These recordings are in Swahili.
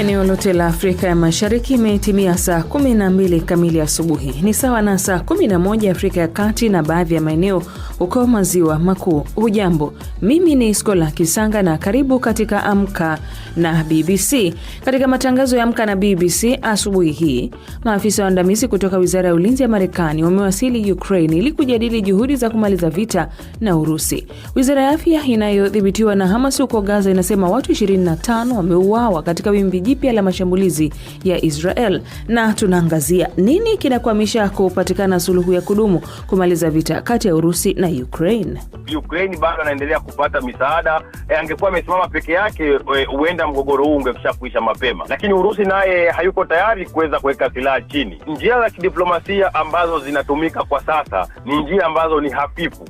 Eneo lote la Afrika ya Mashariki imetimia saa 12 kamili asubuhi, ni sawa na saa 11 Afrika ya Kati na baadhi ya maeneo huko maziwa makuu. Hujambo, mimi ni Skola Kisanga na karibu katika Amka na BBC. Katika matangazo ya Amka na BBC asubuhi hii, maafisa waandamizi kutoka wizara ya ulinzi ya Marekani wamewasili Ukraine ili kujadili juhudi za kumaliza vita na Urusi. Wizara ya afya inayodhibitiwa na Hamas huko Gaza inasema watu 25 wameuawa katika wimbi jipya la mashambulizi ya Israel na tunaangazia nini kinakwamisha kupatikana suluhu ya kudumu kumaliza vita kati ya Urusi na Ukraine. Ukraine bado anaendelea kupata misaada. E, angekuwa amesimama peke yake, e, huenda mgogoro huu ungekisha kuisha mapema, lakini Urusi naye hayuko tayari kuweza kuweka silaha chini. Njia za kidiplomasia ambazo zinatumika kwa sasa ni njia ambazo ni hafifu.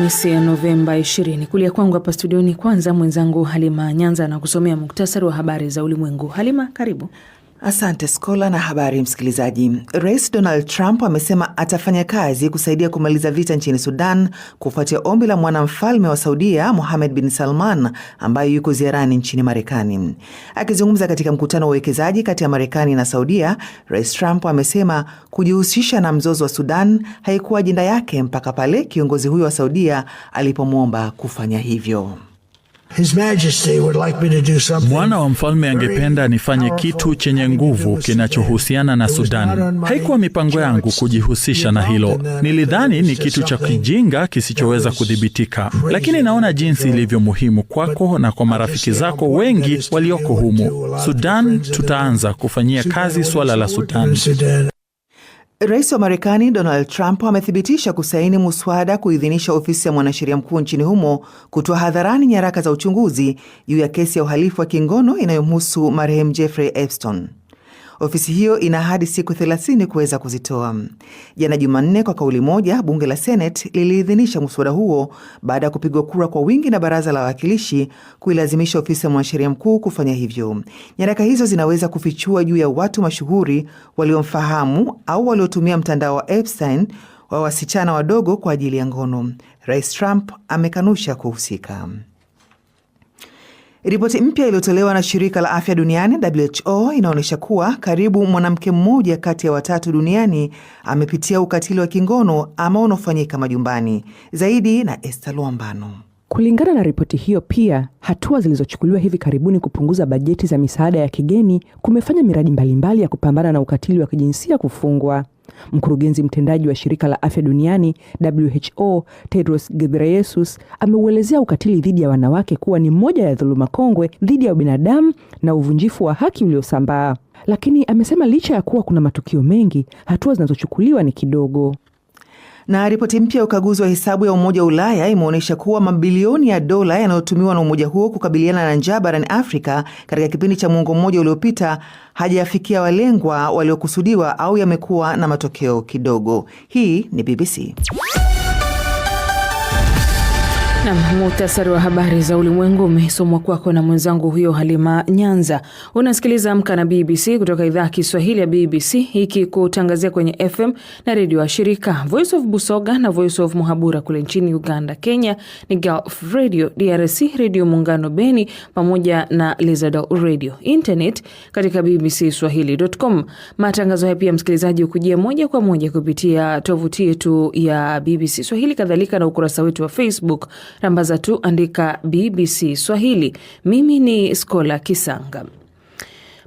Alhamisi ya Novemba 20. Kulia kwangu hapa studioni, kwanza mwenzangu Halima Nyanza anakusomea muktasari wa habari za ulimwengu. Halima, karibu. Asante Skola na habari msikilizaji. Rais Donald Trump amesema atafanya kazi kusaidia kumaliza vita nchini Sudan kufuatia ombi la mwanamfalme wa Saudia Mohamed bin Salman ambaye yuko ziarani nchini Marekani. Akizungumza katika mkutano wa uwekezaji kati ya Marekani na Saudia, Rais Trump amesema kujihusisha na mzozo wa Sudan haikuwa ajenda yake mpaka pale kiongozi huyo wa Saudia alipomwomba kufanya hivyo. Bwana wa mfalme angependa nifanye kitu chenye nguvu kinachohusiana na Sudan. Haikuwa mipango yangu kujihusisha na hilo. Nilidhani ni kitu cha kijinga kisichoweza kudhibitika, lakini naona jinsi ilivyo muhimu kwako na kwa marafiki zako wengi walioko humu. Sudan, tutaanza kufanyia kazi suala la Sudan. Rais wa Marekani Donald Trump amethibitisha kusaini muswada kuidhinisha ofisi ya mwanasheria mkuu nchini humo kutoa hadharani nyaraka za uchunguzi juu ya kesi ya uhalifu wa kingono inayomhusu marehemu Jeffrey Epstein. Ofisi hiyo ina hadi siku 30 kuweza kuzitoa. Jana Jumanne, kwa kauli moja, bunge la Senate liliidhinisha mswada huo baada ya kupigwa kura kwa wingi na baraza la wawakilishi kuilazimisha ofisi ya mwanasheria mkuu kufanya hivyo. Nyaraka hizo zinaweza kufichua juu ya watu mashuhuri waliomfahamu au waliotumia mtandao wa Epstein wa wasichana wadogo kwa ajili ya ngono. Rais Trump amekanusha kuhusika. Ripoti mpya iliyotolewa na shirika la afya duniani WHO inaonyesha kuwa karibu mwanamke mmoja kati ya watatu duniani amepitia ukatili wa kingono ama unaofanyika majumbani. Zaidi na Esther Luambano. Kulingana na ripoti hiyo pia, hatua zilizochukuliwa hivi karibuni kupunguza bajeti za misaada ya kigeni kumefanya miradi mbalimbali ya kupambana na ukatili wa kijinsia kufungwa. Mkurugenzi mtendaji wa shirika la afya duniani WHO Tedros Ghebreyesus ameuelezea ukatili dhidi ya wanawake kuwa ni moja ya dhuluma kongwe dhidi ya binadamu na uvunjifu wa haki uliosambaa, lakini amesema licha ya kuwa kuna matukio mengi, hatua zinazochukuliwa ni kidogo. Na ripoti mpya ya ukaguzi wa hesabu ya Umoja wa Ulaya imeonyesha kuwa mabilioni ya dola yanayotumiwa na umoja huo kukabiliana na njaa barani Afrika katika kipindi cha mwongo mmoja uliopita hajayafikia walengwa waliokusudiwa au yamekuwa na matokeo kidogo. Hii ni BBC. Nam, muhtasari wa habari za ulimwengu umesomwa kwako na mwenzangu huyo Halima Nyanza. Unasikiliza Amka na BBC kutoka idhaa ya Kiswahili ya BBC, ikikutangazia kwenye FM na redio wa shirika Voice of Busoga na Voice of Muhabura kule nchini Uganda. Kenya ni Gulf Radio, DRC Redio Muungano Beni, pamoja na Lizado Radio. Internet katika BBC Swahili.com. Matangazo haya pia, msikilizaji, hukujia moja kwa moja kupitia tovuti yetu ya BBC Swahili, kadhalika na ukurasa wetu wa Facebook rambaza tu andika BBC Swahili. Mimi ni Skola Kisanga.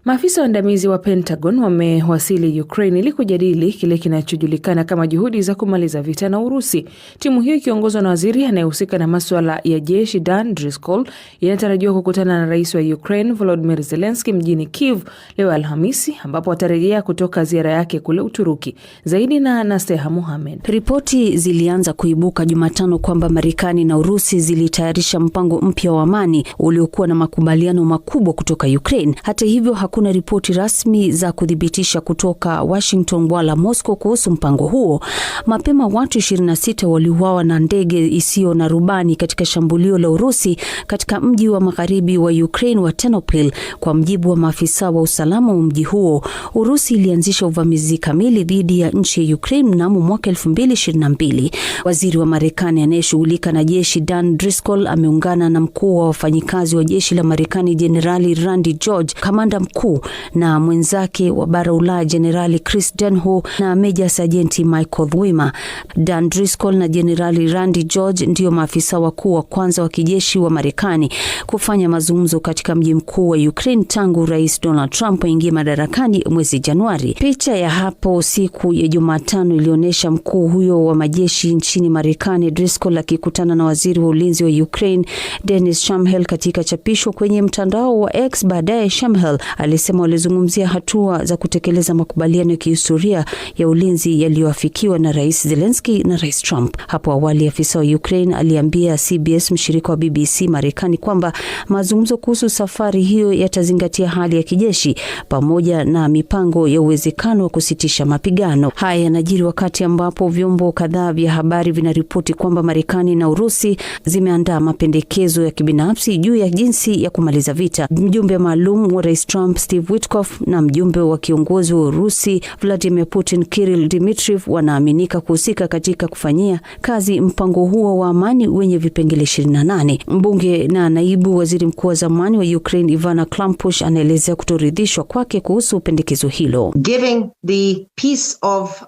Maafisa waandamizi wa Pentagon wamewasili Ukraine ili kujadili kile kinachojulikana kama juhudi za kumaliza vita na Urusi. Timu hiyo ikiongozwa na waziri anayehusika na maswala ya jeshi Dan Driscoll inatarajiwa kukutana na rais wa Ukraine Volodymyr Zelensky mjini Kiev leo Alhamisi, ambapo atarejea kutoka ziara yake kule Uturuki. Zaidi na Naseha muhamed Ripoti zilianza kuibuka Jumatano kwamba Marekani na Urusi zilitayarisha mpango mpya wa amani uliokuwa na makubaliano makubwa kutoka Ukraine. Hata hivyo hakuna ripoti rasmi za kuthibitisha kutoka Washington wala Moscow kuhusu mpango huo. Mapema watu 26 waliuawa na ndege isiyo na rubani katika shambulio la Urusi katika mji wa magharibi wa Ukraine wa Ternopil, kwa mjibu wa maafisa wa usalama wa mji huo. Urusi ilianzisha uvamizi kamili dhidi ya nchi ya Ukraine mnamo mwaka 2022. Waziri wa Marekani anayeshughulika na jeshi Dan Driscoll ameungana na mkuu wa wafanyikazi wa jeshi la Marekani Jenerali Randy George, kamanda mkuu mkuu na mwenzake wa bara Ulaya Jenerali Chris Denho na Meja Sajenti Michael wimer Dan Driscoll na Jenerali Randy George ndio maafisa wakuu wa kwanza wa kijeshi wa Marekani kufanya mazungumzo katika mji mkuu wa Ukraine tangu Rais Donald Trump aingie madarakani mwezi Januari. Picha ya hapo siku ya Jumatano ilionyesha mkuu huyo wa majeshi nchini Marekani Driscoll akikutana na waziri wa ulinzi wa Ukraine Dennis Shamhel katika chapisho kwenye mtandao wa X. Baadaye Shamhel alisema walizungumzia hatua za kutekeleza makubaliano ya kihistoria ya ulinzi yaliyoafikiwa na Rais zelenski na Rais Trump. Hapo awali, afisa wa Ukraine aliambia CBS, mshirika wa BBC Marekani, kwamba mazungumzo kuhusu safari hiyo yatazingatia hali ya kijeshi pamoja na mipango ya uwezekano wa kusitisha mapigano. Haya yanajiri wakati ambapo vyombo kadhaa vya habari vinaripoti kwamba Marekani na Urusi zimeandaa mapendekezo ya kibinafsi juu ya jinsi ya kumaliza vita. Mjumbe maalum wa Rais Trump Steve Witkoff na mjumbe wa kiongozi wa Urusi Vladimir Putin Kirill Dmitriev wanaaminika kuhusika katika kufanyia kazi mpango huo wa amani wenye vipengele 28. Mbunge na naibu waziri mkuu wa zamani wa Ukraine Ivana Klampush anaelezea kutoridhishwa kwake kuhusu pendekezo hilo.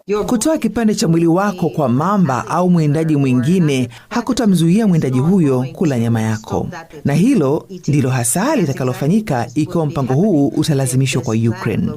Your... kutoa kipande cha mwili wako kwa mamba au mwindaji mwingine hakutamzuia mwindaji huyo kula nyama yako, na hilo ndilo hasa litakalofanyika ikiwa mpango huu utalazimishwa kwa Ukraine.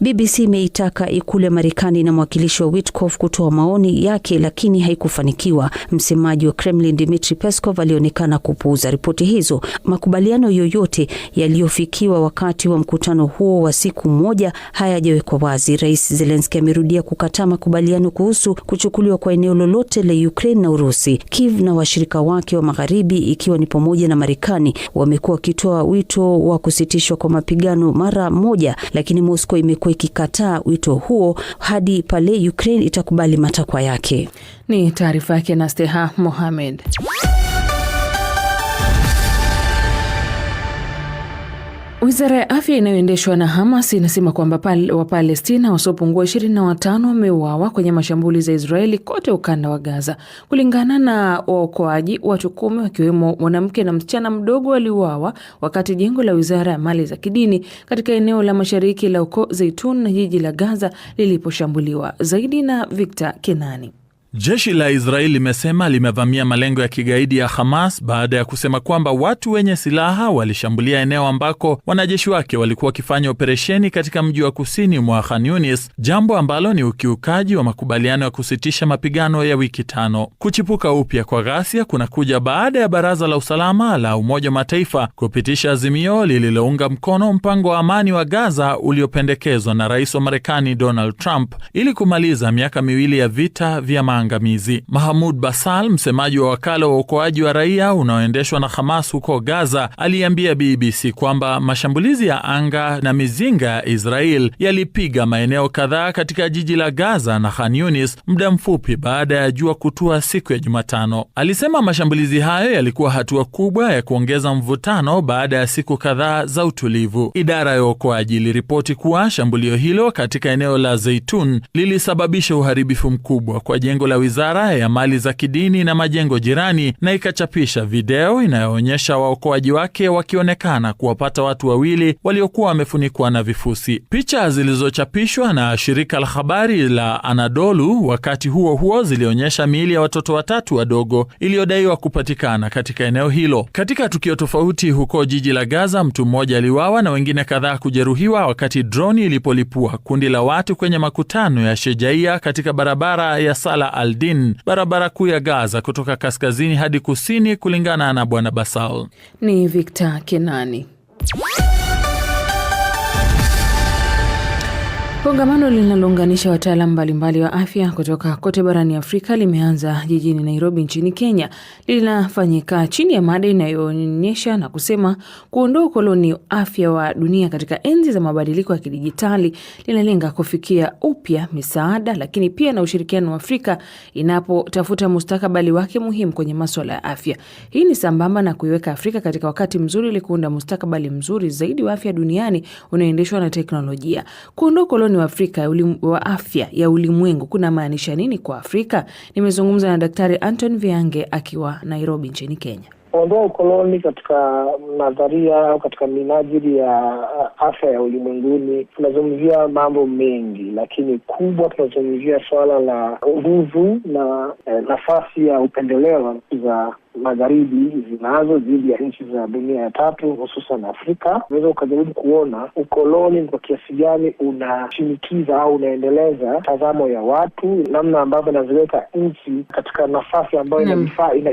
BBC imeitaka ikulu ya Marekani na mwakilishi wa Witkoff kutoa maoni yake, lakini haikufanikiwa. Msemaji wa Kremlin Dmitri Peskov alionekana kupuuza ripoti hizo. Makubaliano yoyote yaliyofikiwa wakati wa mkutano huo wa siku moja hayajawekwa wazi. Rais Zelenski amerudia kukataa makubaliano kuhusu kuchukuliwa kwa eneo lolote la Ukraine na Urusi. Kiev na washirika wake wa magharibi, ikiwa ni pamoja na Marekani, wamekuwa wakitoa wito wa kusitishwa kwa mapigano mara moja, lakini Moscow imekuwa ikikataa wito huo hadi pale Ukraine itakubali matakwa yake. Ni taarifa yake na Steha Mohamed. Wizara ya afya inayoendeshwa na Hamas inasema kwamba Wapalestina wasiopungua 25 wameuawa kwenye mashambulizi ya Israeli kote ukanda wa Gaza. Kulingana na waokoaji, watu kumi wakiwemo mwanamke na msichana mdogo waliuawa wakati jengo la wizara ya mali za kidini katika eneo la mashariki la uko Zeitun na jiji la Gaza liliposhambuliwa. Zaidi na Victor Kenani. Jeshi la Israeli limesema limevamia malengo ya kigaidi ya Hamas baada ya kusema kwamba watu wenye silaha walishambulia eneo ambako wanajeshi wake walikuwa wakifanya operesheni katika mji wa kusini mwa Khan Yunis, jambo ambalo ni ukiukaji wa makubaliano ya kusitisha mapigano ya wiki tano. Kuchipuka upya kwa ghasia kunakuja baada ya Baraza la Usalama la Umoja wa Mataifa kupitisha azimio lililounga mkono mpango wa amani wa Gaza uliopendekezwa na rais wa Marekani Donald Trump ili kumaliza miaka miwili ya vita vya maangamizi. Mahamud Basal, msemaji wa wakala wa uokoaji wa raia unaoendeshwa na Hamas huko Gaza, aliambia BBC kwamba mashambulizi ya anga na mizinga ya Israel yalipiga maeneo kadhaa katika jiji la Gaza na Khan Yunis muda mfupi baada ya jua kutua siku ya Jumatano. Alisema mashambulizi hayo yalikuwa hatua kubwa ya kuongeza mvutano baada ya siku kadhaa za utulivu. Idara ya uokoaji iliripoti kuwa shambulio hilo katika eneo la Zeitun lilisababisha uharibifu mkubwa kwa jengo jengo la Wizara ya Mali za Kidini na majengo jirani na ikachapisha video inayoonyesha waokoaji wake wakionekana kuwapata watu wawili waliokuwa wamefunikwa na vifusi. Picha zilizochapishwa na shirika la habari la Anadolu wakati huo huo zilionyesha miili ya watoto watatu wadogo iliyodaiwa kupatikana katika eneo hilo. Katika tukio tofauti huko jiji la Gaza, mtu mmoja aliwawa na wengine kadhaa kujeruhiwa wakati droni ilipolipua kundi la watu kwenye makutano ya Shejaia katika barabara ya Sala Aldin, barabara kuu ya Gaza kutoka kaskazini hadi kusini, kulingana na Bwana Basal. Ni Victor Kenani. Kongamano linalounganisha wataalamu mbalimbali wa afya kutoka kote barani Afrika limeanza jijini Nairobi nchini Kenya. Linafanyika chini ya mada inayoonyesha na kusema kuondoa ukoloni afya wa dunia katika enzi za mabadiliko ya kidijitali. Linalenga kufikia upya misaada, lakini pia na ushirikiano wa Afrika inapotafuta mustakabali wake muhimu kwenye maswala ya afya. Hii ni sambamba na kuiweka Afrika katika wakati mzuri ili kuunda mustakabali mzuri zaidi wa afya duniani unaoendeshwa na teknolojia. Kuondoa ukoloni wa Afrika ulim, wa afya ya ulimwengu kuna maanisha nini kwa Afrika? Nimezungumza na Daktari Anton Viange akiwa Nairobi nchini Kenya. Kuondoa ukoloni katika nadharia au katika minajili ya uh, afya ya ulimwenguni, tunazungumzia mambo mengi, lakini kubwa tunazungumzia suala la nguvu na eh, nafasi ya upendeleo za magharibi zinazo dhidi ya nchi za dunia ya tatu hususan Afrika. Unaweza ukajaribu kuona ukoloni kwa kiasi gani unashinikiza au unaendeleza tazamo ya watu, namna ambavyo inaziweka nchi katika nafasi ambayo mm.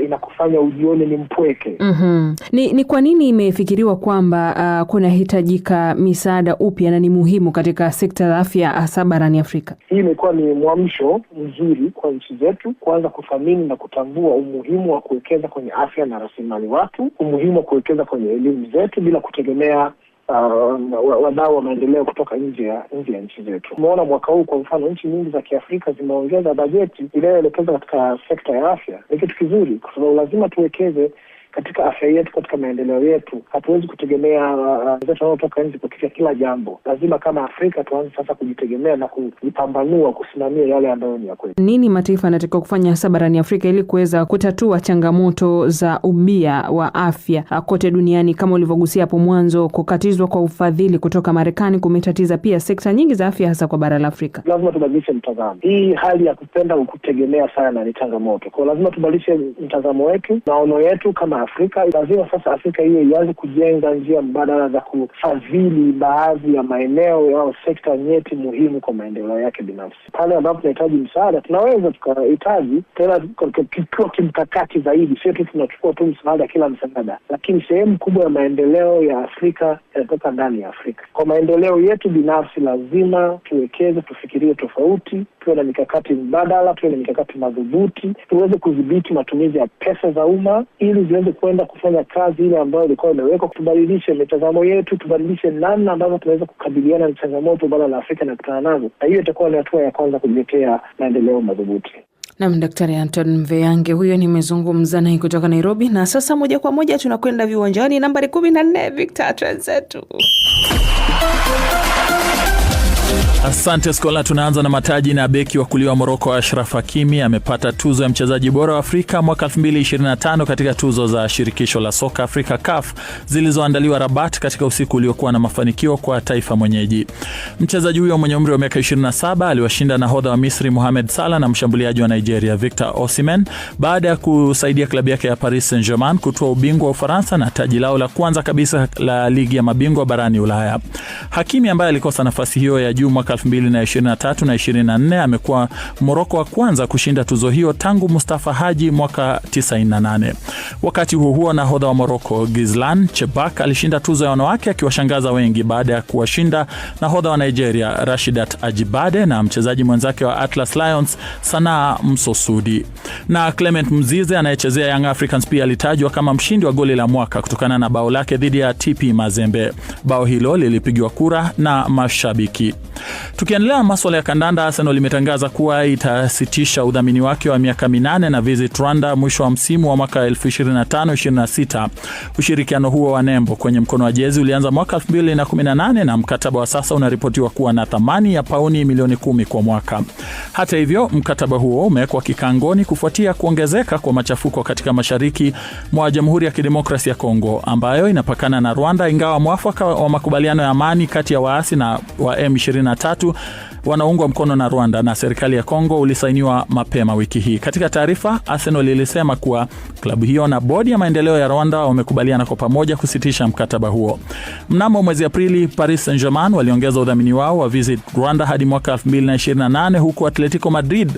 inakufanya ina, ina ujione ni mpweke. mm -hmm. Ni, ni kwa nini imefikiriwa kwamba uh, kunahitajika misaada upya na ni muhimu katika sekta ya afya hasa barani Afrika? Hii imekuwa ni mwamsho mzuri kwa nchi zetu kuanza kuthamini na kutambua umuhimu wa kuwekeza kwenye afya na rasilimali watu, umuhimu wa kuwekeza kwenye elimu zetu bila kutegemea Uh, wadau wa maendeleo kutoka nje ya nje ya nchi zetu. Umeona mwaka huu kwa mfano, nchi nyingi za Kiafrika zimeongeza bajeti inayoelekezwa katika sekta ya afya. Ni kitu kizuri, kwa sababu lazima tuwekeze katika afya yetu, katika maendeleo yetu. Hatuwezi kutegemea uh, wenzetu wanaotoka nje kufikia kila jambo. Lazima kama Afrika tuanze sasa kujitegemea na kujipambanua, kusimamia yale ambayo ni ya kweli. Nini mataifa yanatakiwa kufanya hasa barani Afrika ili kuweza kutatua changamoto za ubia wa afya uh, kote duniani? Kama ulivyogusia hapo mwanzo, kukatizwa kwa ufadhili kutoka Marekani kumetatiza pia sekta nyingi za afya, hasa kwa bara la Afrika. Lazima tubadilishe mtazamo. Hii hali ya kupenda kutegemea sana ni changamoto kwao. Lazima tubadilishe mtazamo wetu, maono yetu kama Afrika. Lazima sasa Afrika hiyo ianze kujenga njia mbadala za kufadhili baadhi ya maeneo au sekta nyeti muhimu kwa maendeleo yake binafsi. Pale ambapo tunahitaji msaada, tunaweza tukahitaji tena tukiwa kimkakati zaidi, sio tu tunachukua tu msaada kila msaada, lakini sehemu kubwa ya maendeleo ya Afrika yanatoka ndani ya Afrika. Kwa maendeleo yetu binafsi, lazima tuwekeze, tufikirie tofauti, tuwe na mikakati mbadala, tuwe na mikakati madhubuti, tuweze kudhibiti matumizi ya pesa za umma ili ziweze kwenda kufanya kazi ile ambayo ilikuwa imewekwa, tubadilishe mitazamo yetu, tubadilishe namna ambavyo tunaweza kukabiliana na changamoto bara la Afrika inakutana nazo, na hiyo itakuwa ni hatua ya kwanza kujiwekea maendeleo madhubuti. Nam Daktari Anton Mveyange huyo nimezungumza naye kutoka Nairobi. Na sasa moja kwa moja tunakwenda viwanjani nambari kumi na nne Victor Transetu Asante Skola, tunaanza na mataji na beki wa kulia wa Moroko Ashraf Hakimi amepata tuzo ya mchezaji bora wa Afrika mwaka 2025 katika tuzo za shirikisho la soka Afrika CAF zilizoandaliwa Rabat katika usiku uliokuwa na mafanikio kwa taifa mwenyeji. Mchezaji huyo mwenye umri wa miaka 27 aliwashinda nahodha wa Misri Mohamed Salah na mshambuliaji wa Nigeria Victor Osimhen baada ya kusaidia klabu yake ya Paris Saint-Germain kutoa ubingwa wa Ufaransa na taji lao la kwanza kabisa la ligi ya mabingwa barani Ulaya. Hakimi ambaye alikosa nafasi hiyo ya juu juu mwaka 2023 na 24 amekuwa Moroko wa kwanza kushinda tuzo hiyo tangu Mustafa Haji mwaka 98. Wakati huo huo, nahodha wa Moroko Gizlan Chebak alishinda tuzo ya wanawake akiwashangaza wengi baada ya kuwashinda nahodha wa Nigeria Rashidat Ajibade na mchezaji mwenzake wa Atlas Lions Sanaa Msosudi. Na Clement Mzize anayechezea Young Africans pia alitajwa kama mshindi wa goli la mwaka kutokana na bao lake dhidi ya TP Mazembe. Bao hilo lilipigwa kura na mashabiki. Tukiendelea maswala ya kandanda, Arsenal limetangaza kuwa itasitisha udhamini wake wa miaka minane na Visit Rwanda mwisho wa msimu wa mwaka 2025/26. Ushirikiano huo wa nembo kwenye mkono wa jezi ulianza mwaka 2018 na mkataba wa sasa unaripotiwa kuwa na thamani ya pauni milioni kumi kwa mwaka. Hata hivyo, mkataba huo umewekwa kikangoni kufuatia kuongezeka kwa machafuko katika mashariki mwa Jamhuri ya Kidemokrasia ya Kongo ambayo inapakana na Rwanda, ingawa mwafaka wa makubaliano ya amani kati ya waasi na wa M23 23 wanaoungwa mkono na Rwanda na serikali ya Kongo ulisainiwa mapema wiki hii. Katika taarifa, Arsenal ilisema kuwa klabu hiyo na bodi ya maendeleo ya Rwanda wamekubaliana kwa pamoja kusitisha mkataba huo. Mnamo mwezi Aprili, Paris Saint-Germain waliongeza udhamini wao wa Visit Rwanda hadi mwaka 2028 huku Atletico Madrid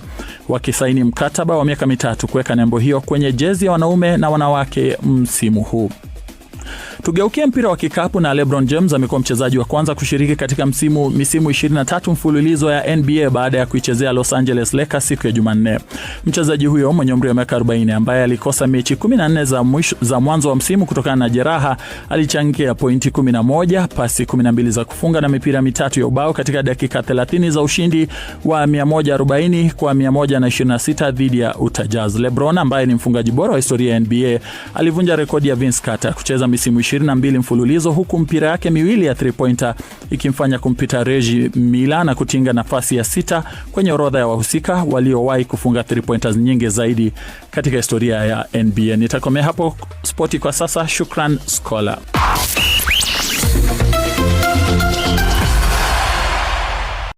wakisaini mkataba wa miaka mitatu kuweka nembo hiyo kwenye jezi ya wanaume na wanawake msimu huu. Tugeukie mpira wa kikapu na LeBron James amekuwa mchezaji wa kwanza kushiriki katika msimu misimu 23 mfululizo ya NBA baada ya kuichezea Los Angeles Lakers siku ya Jumanne. Mchezaji huyo mwenye umri wa miaka 40 ambaye alikosa mechi 14 za mwisho, za mwanzo wa msimu kutokana na jeraha alichangia pointi 11, pasi 12 za kufunga na mipira mitatu ya ubao katika dakika 30 za ushindi wa 140 kwa 126 dhidi ya Utah Jazz. LeBron ambaye ni mfungaji bora wa historia ya NBA alivunja rekodi ya Vince Carter kucheza misimu misimu 22 mfululizo huku mpira yake miwili ya 3 pointer ikimfanya kumpita Reji Mila na kutinga nafasi ya sita kwenye orodha ya wahusika waliowahi kufunga 3 pointers nyingi zaidi katika historia ya NBA. Nitakomea hapo spoti kwa sasa. Shukran Scholar.